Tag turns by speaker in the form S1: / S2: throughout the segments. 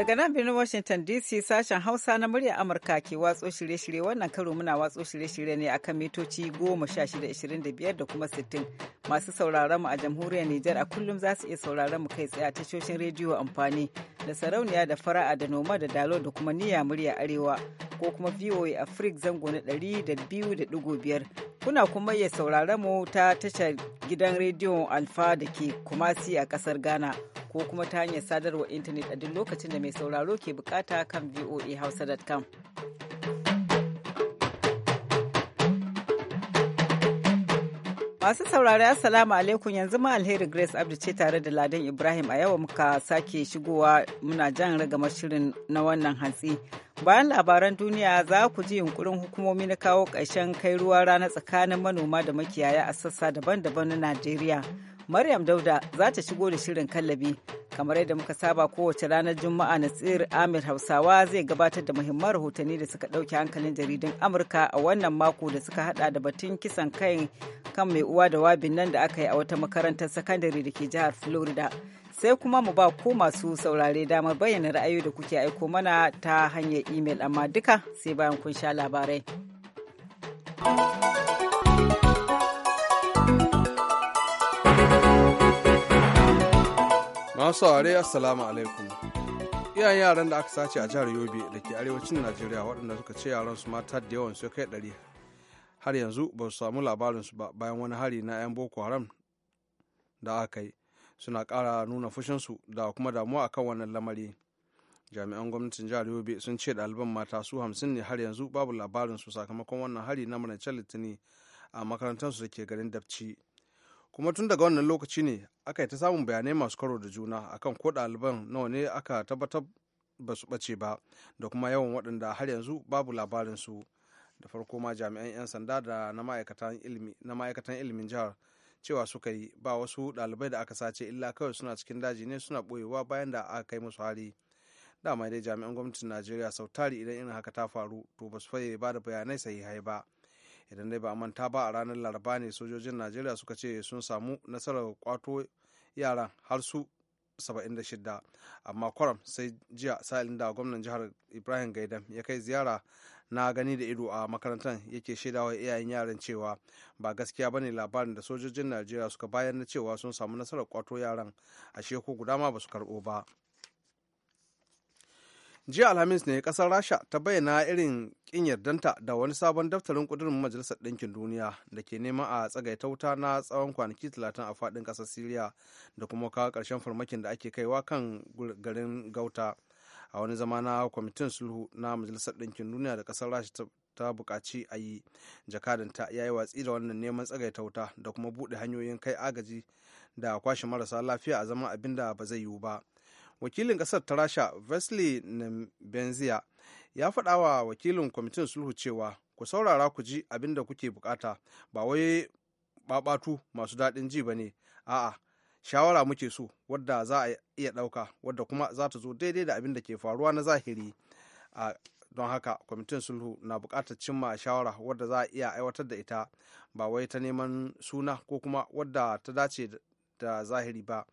S1: Daga nan birnin Washington DC sashen Hausa na murya Amurka ke watso shirye-shirye wannan karo muna watso shirye-shirye ne akan mitoci 16-25 da kuma 60. Masu sauraron mu a jamhuriyar Nijar a kullum za su iya sauraron mu kai tsaye a tashoshin rediyo amfani da sarauniya da fara'a da noma da dalo da kuma niyya murya arewa ko kuma VOA Africa zango na 200.5. Kuna kuma iya sauraron mu ta tashar gidan rediyo Alfa da ke Kumasi a kasar Ghana ko kuma ta hanyar sadarwa intanet a duk lokacin da mai mai sauraro ke bukata kan voa hausa.com. Masu saurari Assalamu alaikum yanzu ma alheri Grace Abdu ce tare da Ladan Ibrahim a yau muka sake shigowa muna jan ragamar shirin na wannan hantsi. Bayan labaran duniya za ku ji yunkurin hukumomi na kawo ƙarshen kai ruwa rana tsakanin manoma da makiyaya a sassa daban-daban na Najeriya. Maryam Dauda za ta shigo da shirin kallabi kamar yadda muka saba kowace ranar juma'a nasir amir hausawa zai gabatar da muhimman rahotanni da suka ɗauke hankalin jaridun amurka a wannan mako da suka hada da batun kisan kai kan mai uwa da wabin nan da aka yi a wata makarantar sakandare da ke jihar florida sai kuma mu ba ko masu saurare damar bayyana ra'ayi da kuke aiko mana ta hanyar imel amma duka sai bayan kun sha labarai.
S2: masu saurare assalamu alaikum iyayen yaran da aka sace a jihar yobe da ke arewacin najeriya waɗanda suka ce yaran su mata da yawan su kai ɗari har yanzu ba su samu labarin su ba bayan wani hari na 'yan boko haram da aka yi suna ƙara nuna fushinsu da kuma damuwa akan wannan lamari jami'an gwamnatin jihar yobe sun ce ɗaliban mata su hamsin ne har yanzu babu labarin su sakamakon wannan hari na marancen litinin a makarantar su da ke garin dabci kuma tun daga wannan lokaci ne aka yi ta samun bayanai masu karo da juna akan ko ɗaliban nawa ne aka tabbatar ba su ɓace ba da kuma yawan waɗanda har yanzu babu labarin su da farko ma jami'an 'yan sanda da na ma'aikatan ilimin jihar cewa suka yi ba wasu ɗalibai da aka sace illa kawai suna cikin daji ne suna ɓoyewa bayan da aka kai musu hari dama dai jami'an gwamnatin najeriya sautari idan irin haka ta faru to ba su faye ba da bayanai sahihai ba idan dai ba a manta ba a ranar laraba ne sojojin najeriya suka ce sun samu nasarar kwato yaran har su 76 amma kwaram sai jiya sa'ilin da gwamnan jihar ibrahim gaidam ya kai ziyara na gani da ido a makarantar yake shaidawa iyayen yaran cewa ba gaskiya ba ne labarin da sojojin najeriya suka bayar na cewa sun samu nasarar kwato yaran a ko guda ma ba su karbo ba jiya alhamis ne kasar rasha ta bayyana irin kin yardanta da wani sabon daftarin kudurin majalisar ɗinkin duniya da ke neman a tsagaita wuta na tsawon kwanaki talatin a faɗin kasar siriya da kuma kawo ƙarshen farmakin da ake kaiwa kan garin gauta a wani zama na kwamitin sulhu na majalisar ɗinkin duniya da kasar rasha ta buƙaci a yi jakadanta ya yi watsi da wannan neman tsagaita wuta da kuma buɗe hanyoyin kai agaji da kwashe marasa lafiya a zama abin da ba zai yiwu ba wakilin kasar ta rasha vesely benzia ya faɗa wa wakilin kwamitin sulhu cewa ku saurara ku ji abin da kuke bukata ba wai babatu masu daɗin ji ba ne a'a shawara muke so wadda za a iya ɗauka wadda kuma za ta zo daidai da abin da ke faruwa na zahiri a don haka kwamitin sulhu na buƙatar cimma shawara wadda za a iya aiwatar da ita ba wai ta neman suna ko kuma wadda ta dace da zahiri ba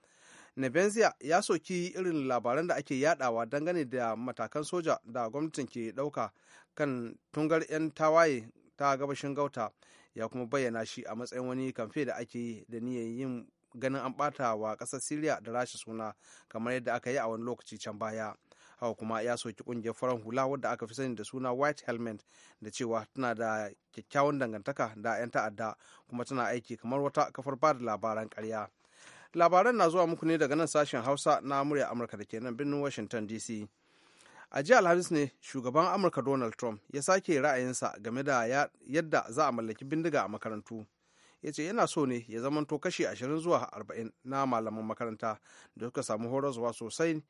S2: Nebenzia ya soki irin labaran da ake yadawa dangane da matakan soja da gwamnatin ke dauka kan tungar 'yan tawaye ta gabashin gauta ya kuma bayyana shi a matsayin wani kamfe da ake yi da niyyar yin ganin an bata wa kasar Siriya da rashi suna kamar yadda aka yi a wani lokaci can baya. Haka kuma ya soki kungiyar farar hula wadda aka fi sani da suna White Helmet da cewa tana da kyakkyawan dangantaka da 'yan ta'adda kuma tana aiki kamar wata kafar ba da labaran karya. labaran na zuwa muku ne daga nan sashen hausa na murya amurka da ke nan birnin washington dc a jiya alhamis ne shugaban amurka donald trump ya sake ra'ayinsa game da yadda za a mallaki bindiga a makarantu ya ce yana so ne ya zamanto kashi ashirin zuwa arba'in na malaman makaranta da suka samu horaswa sosai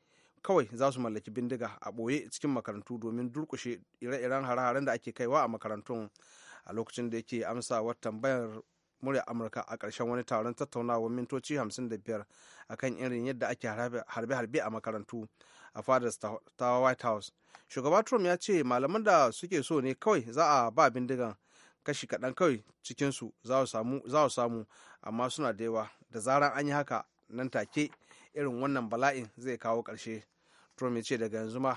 S2: kawai za su mallaki bindiga a ɓoye cikin makarantu domin durkushe ire-iren hare-haren da ake kaiwa a makarantun a lokacin da yake amsa watan tambayar murya amurka a karshen wani taron tattaunawar mintoci 55 kan irin yadda ake harbe-harbe a makarantu a fadar ta white house shugaba trump ya ce malaman da suke so ne kawai za a ba bindigan kashi kaɗan kawai cikinsu za su samu amma suna da yawa da zaran an yi haka nan take irin wannan bala'in zai kawo ƙarshe trump ya ce daga yanzu ma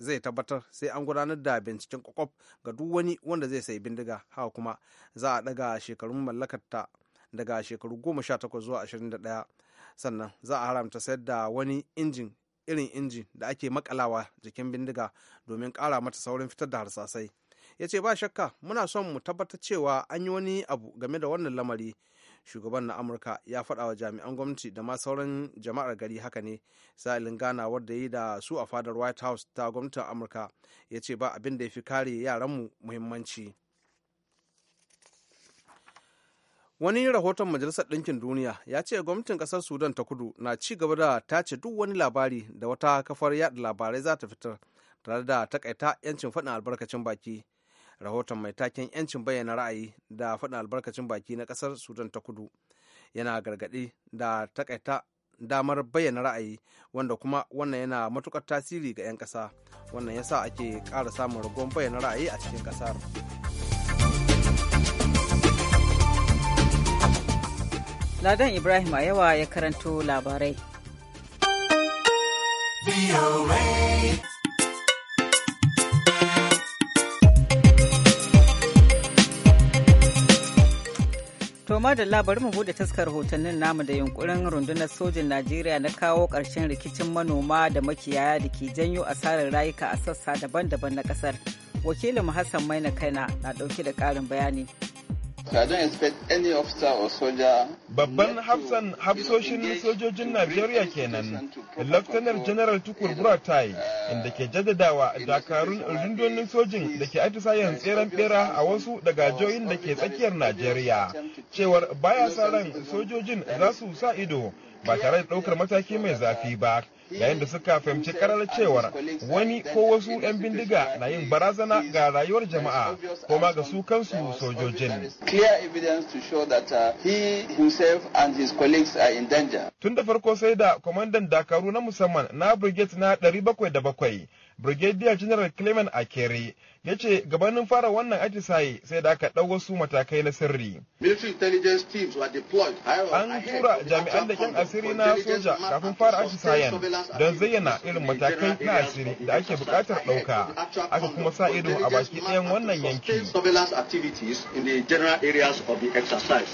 S2: zai tabbatar sai an gudanar da binciken kwakwaf ga duk wani wanda zai sayi bindiga haka kuma za a daga shekarun mallakarta daga shekaru goma sha takwas zuwa ashirin da ɗaya sannan za a haramta sayar da wani injin irin injin da ake makalawa jikin bindiga domin ƙara mata saurin fitar da harsasai ya ce ba shakka muna son mu tabbatar cewa an yi wani abu game da wannan lamari shugaban na amurka ya faɗa wa jami'an gwamnati da ma sauran jama'ar gari haka ne sa'ilin ganawar da yi da su a fadar white house ta gwamnatin amurka ya ce ba abin da ya fi kare yaran mu muhimmanci wani rahoton majalisar ɗinkin duniya ya ce gwamnatin ƙasar sudan ta kudu na ci gaba da tace duk wani labari da wata kafar yada labarai za ta fitar tare da takaita 'yancin faɗin albarkacin baki rahoton mai taken 'yancin bayyana ra'ayi da faɗin albarkacin baki na ƙasar sudan ta kudu yana gargaɗi da takaita damar bayyana ra'ayi wanda kuma wannan yana matukar tasiri ga 'yan ƙasa wannan yasa ake ƙara samun ragon bayyana ra'ayi a cikin ƙasar
S1: ladan ibrahim a yawa ya karanto labarai To da bari mu bude taskar hotunan namu da yunkurin rundunar sojin Najeriya na kawo ƙarshen rikicin manoma da makiyaya da ke janyo asarar rayuka a sassa daban-daban na ƙasar. Wakilin Hassan Maina Kaina na ɗauke da ƙarin bayani.
S3: Babban hafsan hafsoshin sojojin Najeriya kenan, Laftanar General Tukur Buratai, uh, inda ke jaddadawa dakarun rundunonin sojin da ke atisayen tseren bera a wasu daga jihohin da ke tsakiyar Najeriya, cewar baya sa ran sojojin za su sa ido ba tare da ɗaukar mataki mai zafi ba. yayin da suka fahimci karar cewar wani ko wasu 'yan bindiga na yin barazana ga rayuwar jama'a ko ma ga su kansu sojojin. Uh, Tun da farko sai da kwamandan dakaru na musamman na Brigade na 777 Brigadier General Clement Akere ya ce gabanin fara wannan atisaye sai da aka ɗau wasu matakai na sirri. An tura jami'an da kyan asiri na soja kafin fara atisayen don zayyana irin matakai na asiri da ake buƙatar ɗauka, aka kuma sa ido a baki ɗayan wannan yanki.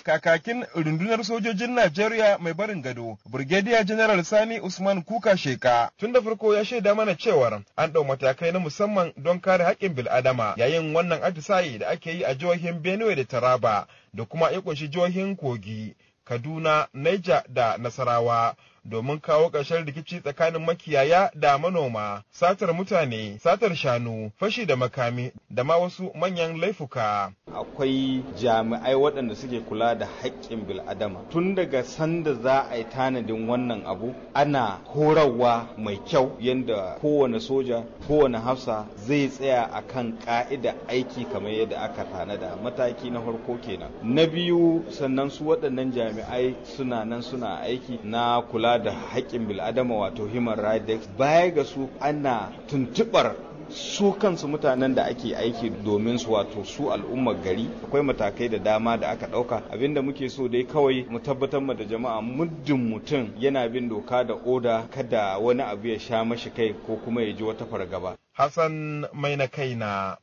S3: Kakakin rundunar sojojin Najeriya mai barin gado, Brigadier General Sani Usman Kuka Sheka, tun da farko ya shaida mana cewar an ɗau matakai na musamman don kare haƙƙin bil'a adama yayin wannan atisaye da ake yi a jihohin Benue da Taraba da kuma ya kunshi jihohin Kogi, Kaduna, Niger da Nasarawa. domin kawo ƙarshen rikici tsakanin makiyaya da manoma, satar mutane, satar shanu, fashi da makami da ma wasu manyan laifuka. Akwai jami'ai waɗanda suke kula da haƙƙin bil'adama. Tun daga sanda za a yi tanadin wannan abu, ana horarwa mai kyau yadda kowane soja, kowane hafsa zai tsaya a kan ƙa'ida aiki kamar yadda aka tanada mataki na farko kenan. Na biyu sannan su waɗannan jami'ai suna nan suna aiki na kula A da haƙƙin bil'adama wato human rights baya ga su ana tuntubar su kansu mutanen da ake aiki domin su wato su al'ummar gari akwai matakai da dama da aka ɗauka abinda muke so dai kawai mu tabbatar da jama'a muddin mutum yana bin doka da oda kada wani abu ya sha mashi kai ko kuma ya ji wata fargaba hassan mai na kai na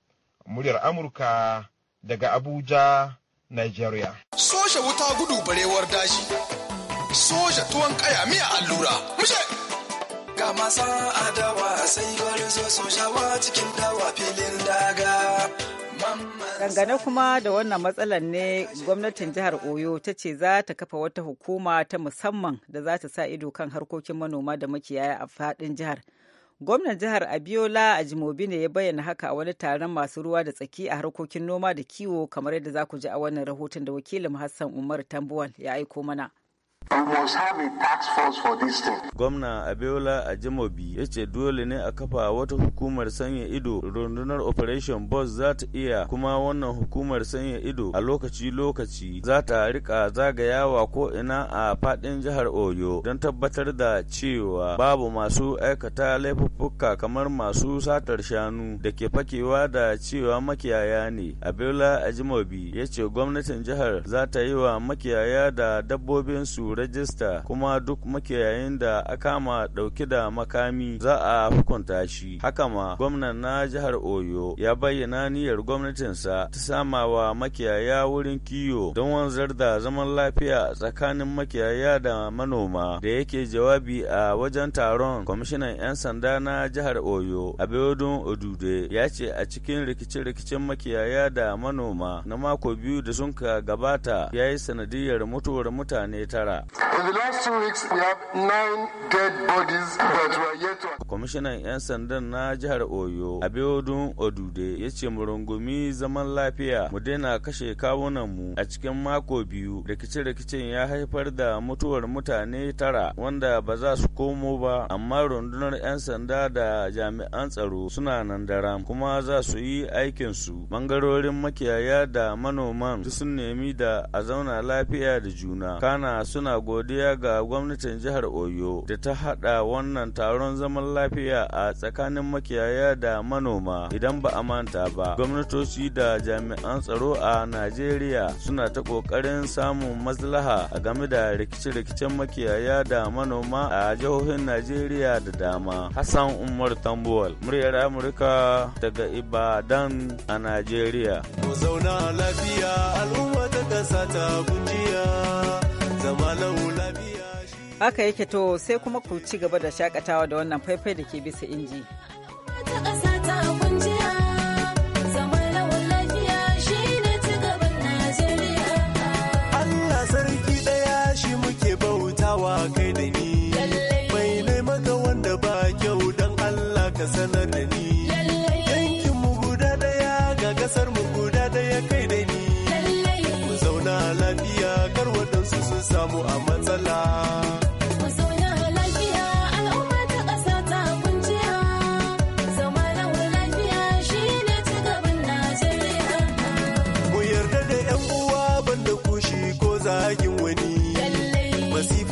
S3: muryar amurka daga abuja nigeria soshe wuta gudu barewar daji
S4: soja tuwon kaya miya allura mushe ga masa adawa sai bari zo sojawa cikin dawa filin daga
S1: dangane kuma da wannan matsalar ne gwamnatin jihar oyo ta ce za ta kafa wata hukuma ta musamman da za ta sa ido kan harkokin manoma da makiyaya a fadin jihar gwamnan jihar abiola ajimobi ne ya bayyana haka a wani taron masu ruwa da tsaki a harkokin noma da kiwo kamar yadda za ku ji a wannan rahoton da wakilin hassan umar tambuwal ya aiko mana a
S5: Gwamna Abiola Ajimobi ya ce dole ne a kafa wata hukumar sanya ido rundunar Operation Boss za ta iya kuma wannan hukumar sanya ido a lokaci-lokaci za ta rika zagayawa ko ina a fadin jihar Oyo don tabbatar da cewa babu masu aikata laifuffuka kamar masu satar shanu da ke fakewa da cewa makiyaya ne. Abiola Ajimobi ya ce gwamnatin jihar za ta yi wa makiyaya da dabbobin su rajista kuma duk makiyayin da aka ma dauke da makami za a hukunta shi haka ma gwamnan na jihar oyo ya bayyana niyyar gwamnatinsa ta samawa makiyaya wurin kiyo don wanzar da zaman lafiya tsakanin makiyaya da manoma da yake jawabi a wajen taron kwamishinan 'yan sanda na jihar oyo a abiodun odude ya ce a cikin rikice-rikicen makiyaya da manoma na mako biyu da sun ka gabata ya yi sanadiyar mutuwar mutane tara
S6: Najeriya.
S5: Kwamishinan 'yan sandan na jihar Oyo, Abiodun Odude ya ce mu rungumi zaman lafiya mu daina kashe kawunanmu a cikin mako biyu rikice-rikicen ya haifar da mutuwar mutane tara wanda ba za su komo ba amma rundunar 'yan sanda da jami'an tsaro suna nan daram kuma za su yi aikinsu bangarorin makiyaya da manoman sun nemi da a zauna lafiya da juna kana suna suna godiya ga gwamnatin jihar Oyo da ta haɗa wannan taron zaman lafiya a tsakanin makiyaya da manoma idan ba a manta ba. Gwamnatoci da jami'an tsaro a Najeriya suna ta ƙoƙarin samun maslaha a game da rikice-rikicen makiyaya da manoma a jihohin Najeriya da dama. Hassan Umar Tambuwal, muryar Amurka daga Ibadan a Najeriya. Mu
S6: zauna lafiya al'umma ta ta zama lafiya.
S1: Haka yake to sai kuma ku ci gaba da shakatawa da wannan faifai da ke bisa inji.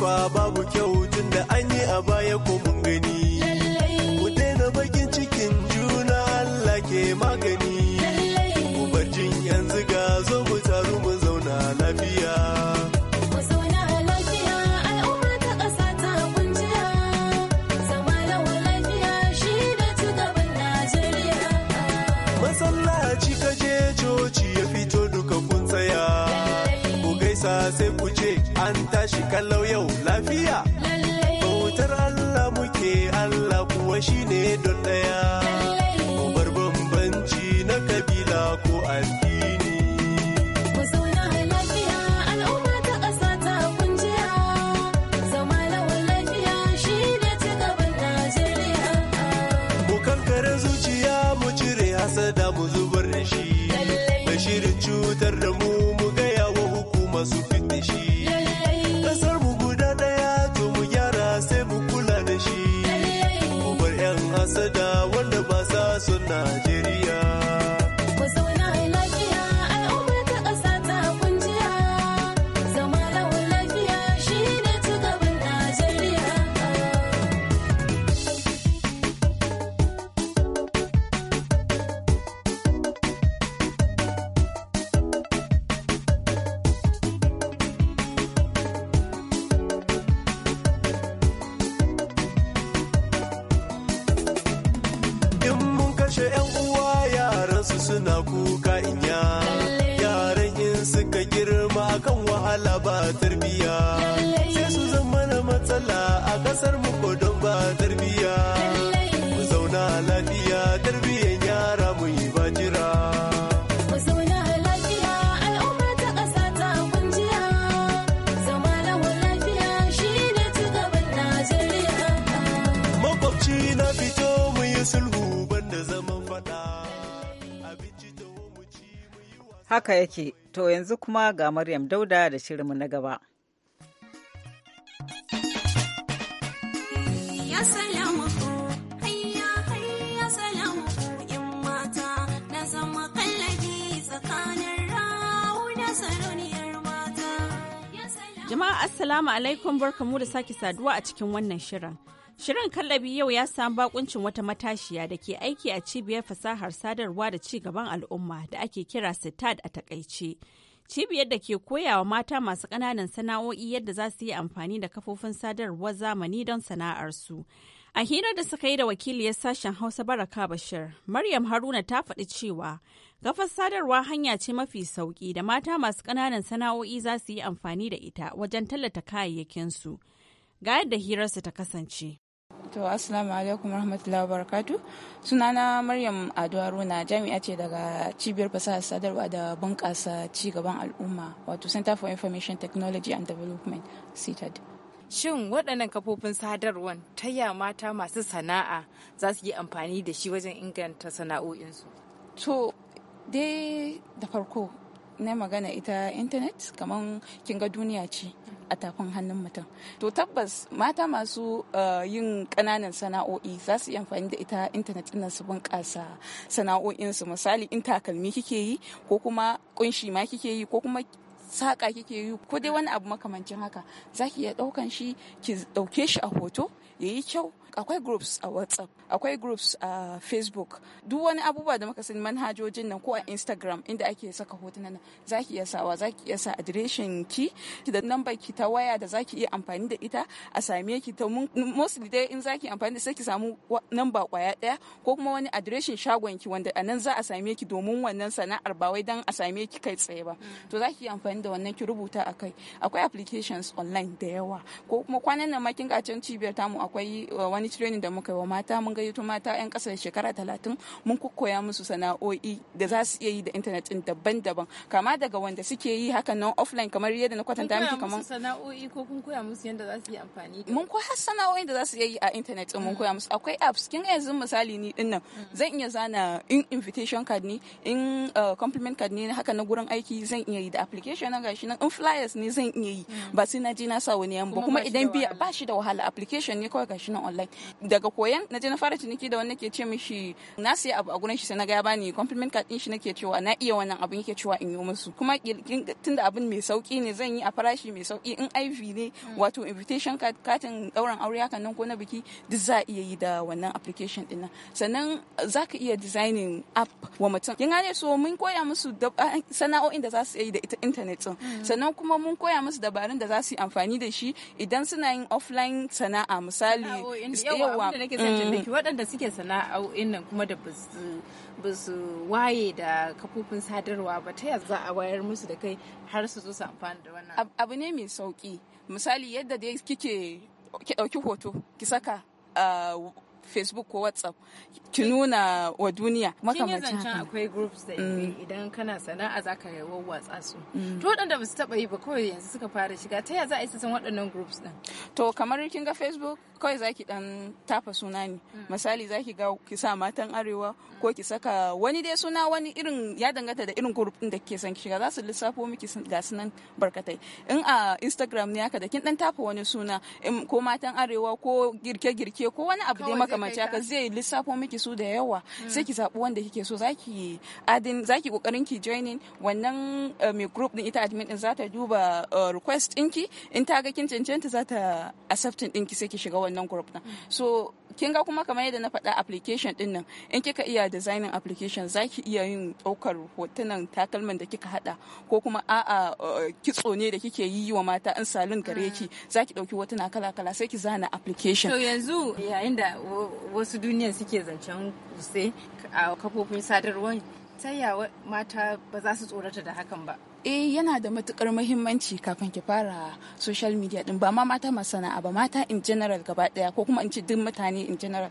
S6: kwa babu kyau mu zubar da shi bashirin cutar da mu mu gaya wa hukuma su fi
S1: Haka yake, to yanzu kuma ga Maryam Dauda da shirinmu na gaba.
S4: Jama'a
S7: Assalamu alaikum barkamu da sake saduwa a cikin wannan shirin. Shirin kallabi yau ya samu bakuncin wata matashiya da ke aiki a cibiyar fasahar sadarwa da ci gaban al'umma da ake kira sitad a takaice. Cibiyar da ke koyawa mata masu ƙananan sana'o'i yadda za su yi amfani da kafofin sadarwar zamani don sana'arsu. A hirar da suka yi da wakiliyar sashen Hausa Baraka Bashir, Maryam Haruna ta faɗi cewa kafar sadarwa hanya ce mafi sauƙi da mata masu ƙananan sana'o'i za su yi amfani da ita wajen tallata kayayyakinsu. Ga yadda hirarsu ta kasance.
S8: To Assalamu alaikum warahmatullahi wabarakatuh. Sunana Maryam Ado Haruna jami'a ce daga Cibiyar Fasahar Sadarwa da Bunƙasa gaban Al'umma wato Center for Information Technology and Development CITAD. Shin waɗannan kafofin sadarwar ta ya mata masu sana'a za su yi amfani da shi wajen inganta sana'o'insu? To dai da farko na magana ita intanet kamar kin ga duniya ce a tafin hannun mutum to tabbas mata masu eh, yin kananan sana'o'i za su yi amfani da ita intanet ɗin su bunƙasa sana'o'insu misali in takalmi kike yi ko kuma kunshi ma kike yi ko kuma saƙa kike yi ko dai wani abu makamancin haka za ki iya ɗaukan shi ki ɗauke shi a hoto ya yi kyau akwai groups a whatsapp akwai groups a facebook duk wani abubuwa da muka sani manhajojin nan ko a instagram inda ake saka hotunan nan ki iya sawa za ki iya sa adireshin ki da lambar ki ta waya da za ki iya amfani da ita a same ki ta mostly dai in za ki amfani da sai ki samu namba kwaya daya ko kuma wani adireshin shagon ki wanda anan za a same ki domin wannan sana'ar ba wai dan a same ki kai tsaye ba mm. to zaki iya amfani da wannan ki rubuta kai akwai applications online da yawa ko kuma kwanan nan ma kin ga can cibiyar tamu akwai uh, wani training da muka yi wa mata mun gayyato mata 'yan ƙasa da shekara talatin mun kukkoya musu sana'o'i da za su iya yi da intanet din daban-daban kama daga wanda suke yi hakan nan offline kamar yadda na kwatanta miki kamar
S7: sana'o'i ko kun koya musu yadda za su yi amfani
S8: da mun koya sana'o'in da za su iya yi a intanet din mun mm. koya musu akwai apps kin yanzu misali ni din nan mm. zan iya zana in invitation card ne in uh, compliment card ne haka na gurin aiki zan iya yi da application na gashi nan in flyers ne zan iya yi mm. ba sai na je na sa wani yambo kuma idan biya ba shi da wahala application ne kawai gashi nan online daga koyan na je na fara ciniki da wani ke ce mishi na sayi abu a gurin shi sai na ga ya bani compliment card din shi nake cewa na iya wannan abin yake cewa in yi musu kuma tunda abin mai sauki ne zan yi a farashi mai sauki in IV ne mm. wato invitation card katin dauran aure hakan nan ko na biki duk za a iya yi da wannan application din sannan za ka iya designing app wa mutum kin gane so mun koya musu sana'o'in da za su yi da ita internet din mm. sannan kuma mun koya musu dabarun da za su yi amfani da shi idan suna yin offline sana'a misali yawa nake mm. waɗanda suke sana'o'in nan kuma da ba waye da kafofin sadarwa ba ta yadda za a wayar musu da kai har su zo su amfani da wannan abu ne mai sauki misali yadda dai kike ki ɗauki hoto ki saka ah, facebook ko whatsapp ki nuna wa duniya makamacin haka akwai groups da mm. idan kana sana'a zaka wawwatsa su mm. to waɗanda ba su taba yi ba kawai yanzu suka fara shiga ta yaya za a yi su san waɗannan groups din to kamar kin ga facebook kawai zaki dan tafa suna ne mm. misali zaki ga ki sa matan arewa ko ki saka wani dai suna wani irin ya danganta da irin group din da kike son ki shiga za su lissafo miki ga sunan barkatai in a instagram ne haka da kin dan tafa wani suna ko matan arewa ko girke-girke ko wani abu dai makamanci haka zai lissafo miki su da yawa mm. sai ki zaɓi wanda kike so zaki adin zaki kokarin ki joining wannan eh, mai group din ita admin din zata duba eh, request ɗinki in ta ga kin cancanta zata accepting ɗinki sai ki shiga wannan group din mm. so kin ga kuma kamar yadda na faɗa application din nan in kika iya designing application za ki iya yin ɗaukar hotunan takalman da kika haɗa ko kuma a'a eh, kitso ne da kike yi wa mata in salon gare ki mm. za ki ɗauki hotuna kala kala sai ki zana application to yanzu yayin da wasu duniya suke zancen kusai a kafofin sadarwar ta yawa mata ba za su tsorata da hakan ba eh yana da matukar muhimmanci kafin ki fara social media din ba ma mata masana'a ba mata in general gaba daya ko kuma in ci duk mutane in general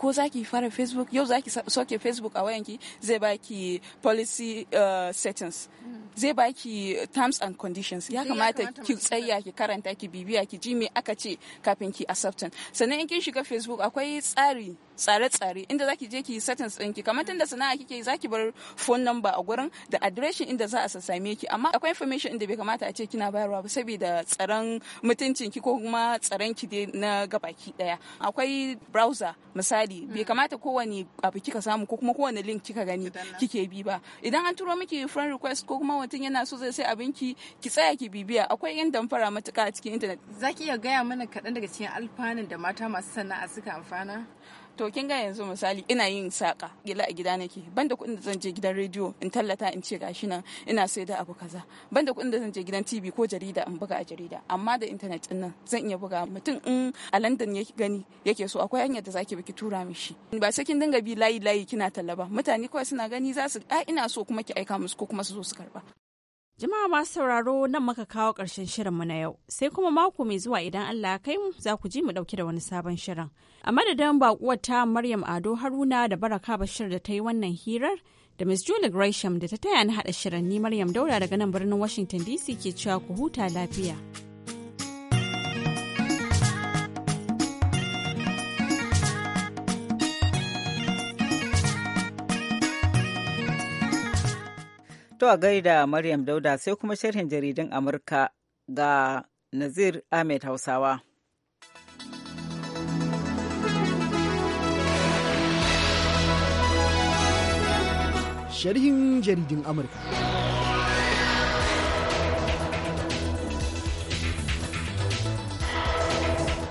S8: ko za zaki fara facebook yau za ki soke facebook a wayanki zai baki policy uh, settings zai baki terms and conditions ya eh, kamata ki tsaya ki karanta ki bibiya ki ji me aka ce kafin ki accepting sannan in kin shiga facebook akwai tsari tsare-tsare inda za ki je ki settings din ki. kamar tunda sana'a kike za ki bar phone number a gurin da adireshin inda za a sassame ki amma akwai information inda bai kamata a ce kina bayarwa ba saboda tsaron mutuncin ki ko kuma tsaron ki dai na gabaki daya akwai browser misali misali bai hmm. kamata kowane abu kika samu ko kuma kowane link kika gani kike bi ba idan an turo miki friend request ko kuma mutum yana so zai sai abinki ki tsaya ki bibiya akwai yan damfara matuka a cikin internet zaki iya gaya mana kaɗan daga cikin alfanun da mata masu sana'a suka amfana to kin ga yanzu misali ina yin saka gila a gida nake banda kuɗin da zan je gidan rediyo in tallata in ce gashi nan ina sai da abu kaza banda kuɗin da zan je gidan TV ko jarida in buga a jarida amma da internet din nan zan iya buga mutum in a London ya gani yake so akwai hanyar da zaki biki tura mishi ba sai kin dinga bi layi layi kina talla mutane kawai suna gani za su a ina so kuma ki aika musu ko kuma su zo su karba
S7: Jama'a masu sauraro nan muka kawo ƙarshen mu na yau, sai kuma mako mai zuwa idan Allah kai mu za ku ji mu ɗauki da wani sabon shirin. A madadin baƙuwar ta Maryam Ado Haruna da Baraka Bashir da ta yi wannan hirar da Miss Julie Gresham da ta taya ni haɗa shirin ni Maryam Daura daga nan birnin Washington DC ke cewa ku huta lafiya.
S1: To a gaida Maryam Dauda sai kuma sharhin jaridun Amurka ga Nazir Ahmed Hausawa.
S9: Sharhin jaridun Amurka.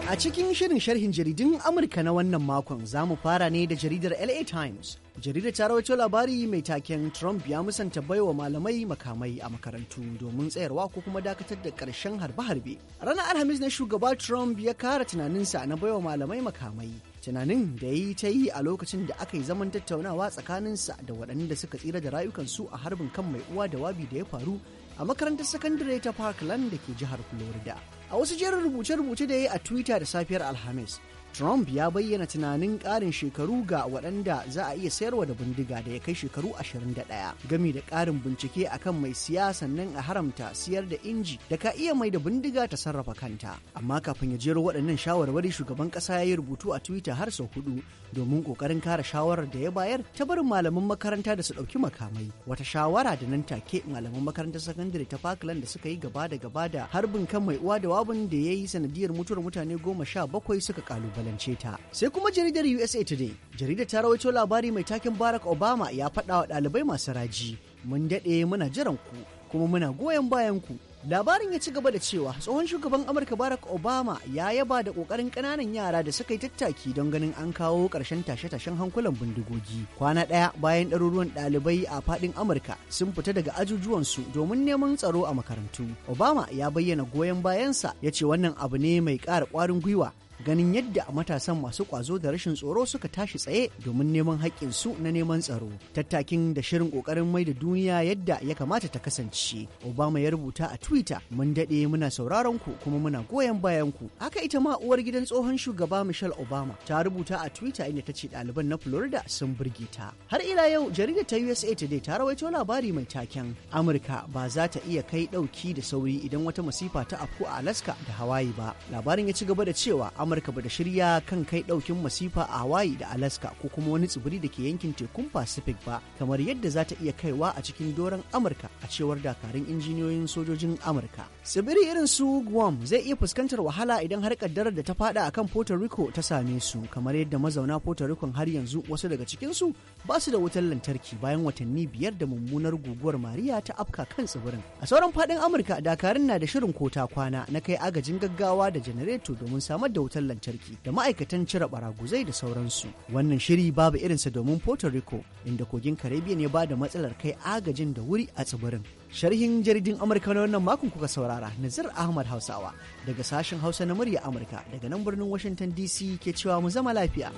S9: A cikin shirin sharhin jaridun Amurka na wannan makon za mu fara ne da jaridar LA Times. Jaridar ta rawaito labari mai taken Trump ya musanta baiwa malamai makamai a makarantu domin tsayarwa ko kuma dakatar da ƙarshen harbe-harbe. Ranar Alhamis na shugaba Trump ya kara tunaninsa na baiwa malamai makamai. Tunanin da ya yi ta yi a lokacin da aka yi zaman tattaunawa tsakaninsa da waɗanda suka tsira da rayukansu a harbin kan mai uwa da wabi da ya faru a makarantar sakandare ta Parkland da ke jihar Florida. a wasu jerin rubuce-rubuce da ya yi a twitter da safiyar alhamis Trump ya bayyana tunanin ƙarin shekaru ga waɗanda za a iya sayarwa da bindiga da ya kai shekaru 21 gami da ƙarin bincike akan mai siya nan a haramta siyar da inji da ka iya mai da bindiga ta sarrafa kanta. Amma kafin ya jero waɗannan shawarwari shugaban ƙasa ya yi rubutu a Twitter har sau hudu domin ƙoƙarin kare shawarar da ya bayar ta barin malaman makaranta da su ɗauki makamai. Wata shawara da nan take malaman makarantar sakandare ta Parkland da suka yi gaba da gaba da harbin kan mai uwa da wabin da ya yi sanadiyar mutuwar mutane goma sha bakwai suka ƙalubale. kalubalance ta. Sai kuma jaridar USA Today, jaridar ta rawaito labari mai taken Barack Obama ya faɗa wa ɗalibai masu raji, mun daɗe muna jiran ku, kuma muna goyon bayan ku. Labarin ya ci gaba da cewa tsohon shugaban Amurka Barack Obama ya yaba da kokarin ƙananan yara da suka yi tattaki don ganin an kawo ƙarshen tashe-tashen hankulan bindigogi. Kwana ɗaya bayan ɗaruruwan ɗalibai a faɗin Amurka sun fita daga ajujuwansu domin neman tsaro a makarantu. Obama ya bayyana goyon bayansa ya ce wannan abu ne mai ƙara ƙwarin gwiwa ganin yadda matasan masu kwazo da rashin tsoro suka tashi tsaye domin neman haƙƙinsu na neman tsaro tattakin da shirin ƙoƙarin mai da duniya yadda ya kamata ta kasance obama ya rubuta a twitter mun daɗe muna sauraron ku kuma muna goyon bayan ku haka ita ma uwar gidan tsohon shugaba michelle obama ta rubuta a twitter inda ta ce ɗaliban na florida sun burge ta har ila yau jaridar ta usa today ta rawaito labari mai taken amurka ba za ta iya kai ɗauki da sauri idan wata masifa ta afku a alaska da hawaii ba labarin ya ci gaba da cewa amurka ba da shirya kan kai ɗaukin masifa a hawaii da alaska ko kuma wani tsibiri da ke yankin tekun pacific ba kamar yadda za ta iya kaiwa a cikin doron amurka a cewar dakarun injiniyoyin sojojin amurka tsibiri irin su guam zai iya fuskantar wahala idan har kaddarar da ta fada akan puerto rico ta same su kamar yadda mazauna puerto rico har yanzu wasu daga cikin su ba su da wutar lantarki bayan watanni biyar da mummunar guguwar maria ta afka kan tsibirin a sauran faɗin amurka dakarun na da shirin kota kwana na kai agajin gaggawa da janareto domin samar da wutar wutar lantarki da ma'aikatan cire baraguzai da sauransu. Wannan shiri babu irinsa domin Puerto Rico inda kogin Caribbean ya ba da matsalar kai agajin da wuri a tsibirin. Sharhin jaridin Amurka na wannan makon kuka saurara Nazir Ahmad Hausawa daga sashen Hausa na murya Amurka daga nan birnin Washington DC ke cewa mu zama lafiya.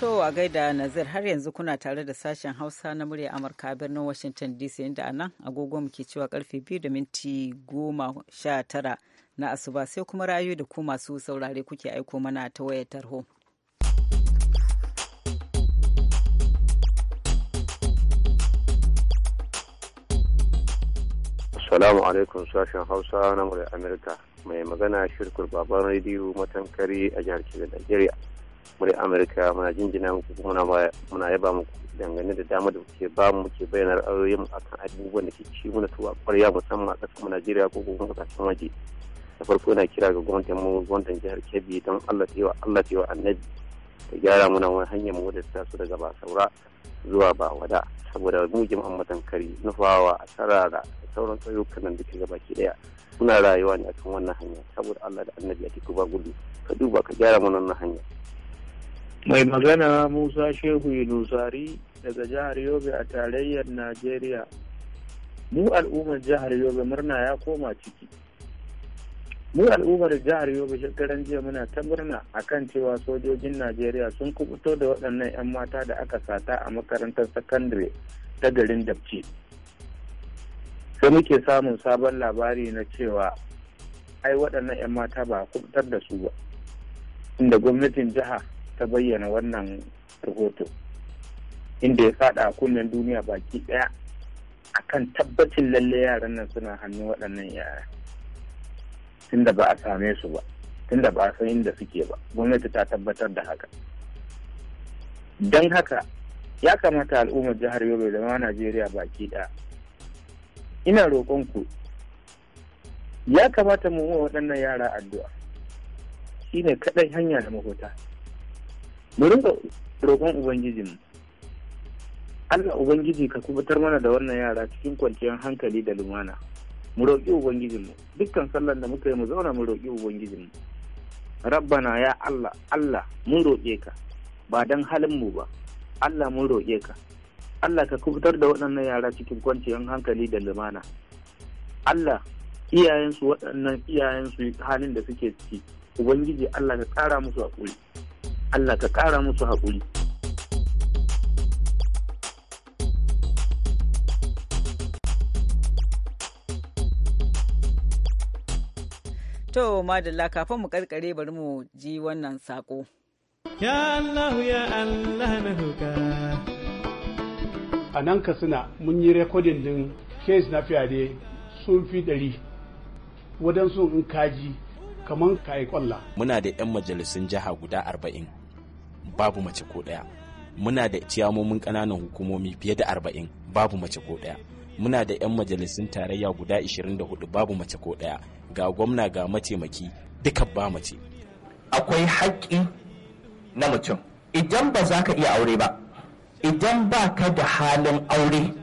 S1: To a gaida Nazir har yanzu kuna tare da sashen Hausa na murya Amurka a birnin Washington DC inda a nan agogo muke cewa karfe 2 da minti goma sha tara na asuba sai kuma rayu da ku masu saurare kuke aiko mana ta wayar tarho.
S10: Assalamu alaikum sashen Hausa na murai Amerika mai magana shirkur baban rediyo matankari a jihar Kebbi nigeria Murai Amerika muna jinjina muku kuma muna yaba muku dangane da dama da kuke ba mu ke bayyana ra'ayoyin akan abubuwan da ke ci muna tuwa kwarya musamman a ƙasar Najeriya ko kuma ƙasashen waje. ta farko na kira ga gwamnatin mu gwamnatin jihar Kebbi don Allah ta yi wa Allah ta yi wa annabi ta gyara muna wani hanyar mu da ta su daga ba saura zuwa ba wada saboda mu jama'an matankari nufawa a sarara sauran ƙauyukan nan duka baki daya muna rayuwa ne akan wannan hanya saboda Allah da annabi a tiku ba gudu ka duba ka gyara mana wannan hanya mai magana Musa Shehu Yunusari daga jihar Yobe a tarayyar Najeriya mu al'ummar jihar Yobe murna ya koma ciki mu al'ummar jihar yobe shekaran jiya muna ta murna akan cewa sojojin najeriya sun kubuto da waɗannan 'yan mata da aka sata a makarantar sakandare ta garin dabci sai muke samun sabon labari na cewa ai waɗannan 'yan mata ba kubutar da su ba inda gwamnatin jiha ta bayyana wannan rahoto inda ya fada a kunnen duniya baki ɗaya akan tabbacin lalle yaran nan suna hannun waɗannan yara tunda ba a same su ba tunda ba a san inda suke ba gwamnati ta tabbatar da haka don haka ya kamata al'ummar jihar yobe da ma najeriya baki ɗaya ina roƙon ya kamata mu wa waɗannan yara addu'a shi ne kaɗai hanya da mahuta mu rinka roƙon ubangijinmu allah ubangiji ka kubutar mana da wannan yara cikin kwanciyar hankali da lumana mu roƙi ubangijinmu dukkan sallar da muka yi mu zauna mu roƙi ubangijinmu rabbana ya allah allah mun roƙe ka ba don mu ba allah mun roƙe ka allah ka kubutar da waɗannan yara cikin kwanciyar hankali da lumana allah iyayensu waɗannan iyayensu halin da suke ciki ubangiji allah ka ƙara musu haƙuri allah ka ƙara musu haƙuri
S1: To madalla kafin mu karkare bari mu ji wannan saƙo.
S6: Ya Allah ya Allah na roka. A nan ka suna mun yi rekodin din kes na fiye sun fi ɗari waɗansu in kaji kamar ka yi ƙwalla.
S10: Muna da 'yan majalisun jiha guda arba'in babu mace ko ɗaya. Muna da ciyamomin ƙananan hukumomi fiye da arba'in babu mace ko ɗaya. Muna da 'yan majalisun tarayya guda 24 babu mace ko ɗaya. ga gwamna ga mataimaki duka ba mace akwai haƙƙi na mutum idan ba za ka iya aure ba idan ba ka da halin aure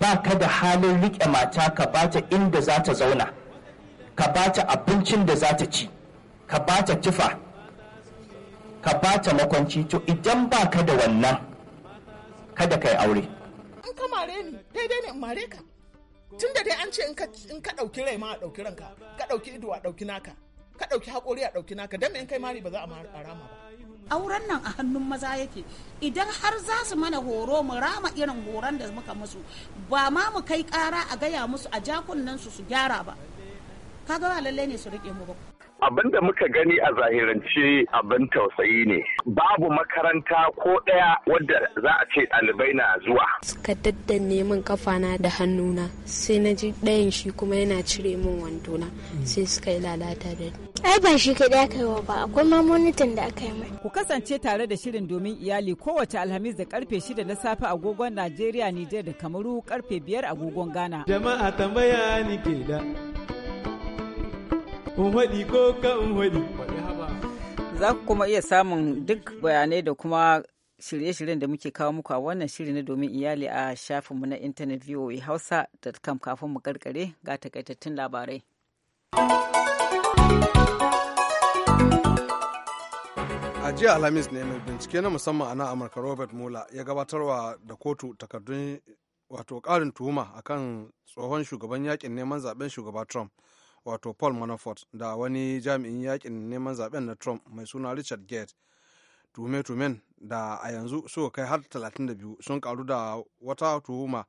S10: ba ka da halin riƙe mata ka bata inda za ta zauna ka bata abincin da za ta ci ka bata tufa ka bata makwanci to idan ba ka da wannan kada ka yi aure an ka mare daidai ne in mare ka tun da dai an ce in ka ɗauki rai ma a ɗauki ranka
S1: ka ɗauki ido a ɗauki naka ka ɗauki haƙori a ɗauki naka dan in kai mari ba za a rama
S8: ba
S1: auren nan a hannun maza yake idan har za su mana horo mu rama irin horon da
S8: muka musu ba ma mu kai ƙara a gaya musu a jakunan su su gyara ba
S7: kaga ba lallai ne su riƙe mu ba
S5: abin da muka gani a zahirance abin tausayi ne
S3: babu makaranta ko ɗaya wadda za a ce ɗalibai na zuwa suka
S8: neman neman kafana da hannuna sai na ji ɗayan shi kuma yana cire min wandona
S7: sai suka yi lalata da ni ai ba shi kaɗai aka ba akwai mamonitan da aka
S1: yi mai ku kasance tare da shirin domin iyali kowace alhamis da karfe shida na safe agogon najeriya nijar da kamaru karfe biyar agogon ghana jama'a tambaya ni ke da in ko ka za ku kuma iya samun duk bayanai da kuma shirye-shiryen da muke kawo muku a wannan shiri na domin iyali a shafinmu na intanet voa hausa.com kafin mu karkare ga takaitattun labarai a jiya
S2: alhamis ne mai bincike na musamman a nan amurka robert mueller ya gabatarwa da kotu takardun wato karin tuhuma akan tsohon shugaban yakin neman zaben shugaba trump wato paul manafort da wani jami'in yakin neman zaben na trump mai suna richard gate tume-tumen da a yanzu suka kai har 32 sun karu da wata tuhuma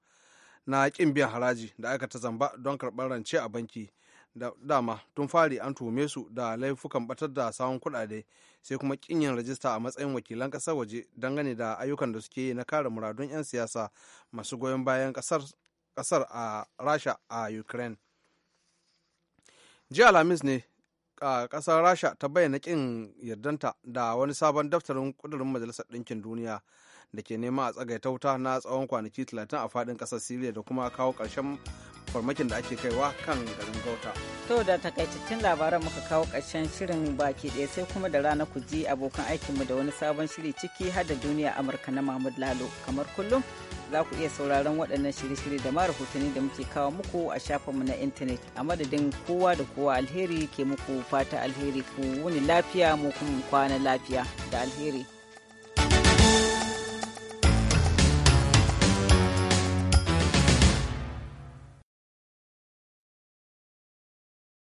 S2: na kin biyan haraji da aka ta zamba don karɓar rance a banki da dama tun fari an tuhume su da laifukan batar da sawun kuɗaɗe sai kuma kin yin rajista a matsayin wakilan ƙasar waje dangane da ayyukan da suke yi na kare muradun 'yan siyasa masu goyon bayan ƙasar a rasha a ukraine jiya alhamis ne a ƙasar rasha ta bayyana ƙin yardanta da wani sabon daftarin kudurin majalisar ɗinkin duniya da ke nema a tsagaita wuta na tsawon kwanaki 30 a fadin ƙasar siriya da kuma kawo ƙarshen farmakin da ake kaiwa kan garin gauta.
S1: To da takaitattun labaran muka kawo ƙarshen shirin baki ɗaya sai kuma da rana ku ji abokan aikinmu da wani sabon shiri ciki har da duniya Amurka na Mahmud Lalo. Kamar kullum za ku iya sauraron waɗannan shirye-shirye da rahotanni da muke kawo muku a shafinmu na intanet a madadin kowa da kowa alheri ke muku fata alheri ku wuni lafiya mu kuma kwana lafiya da alheri.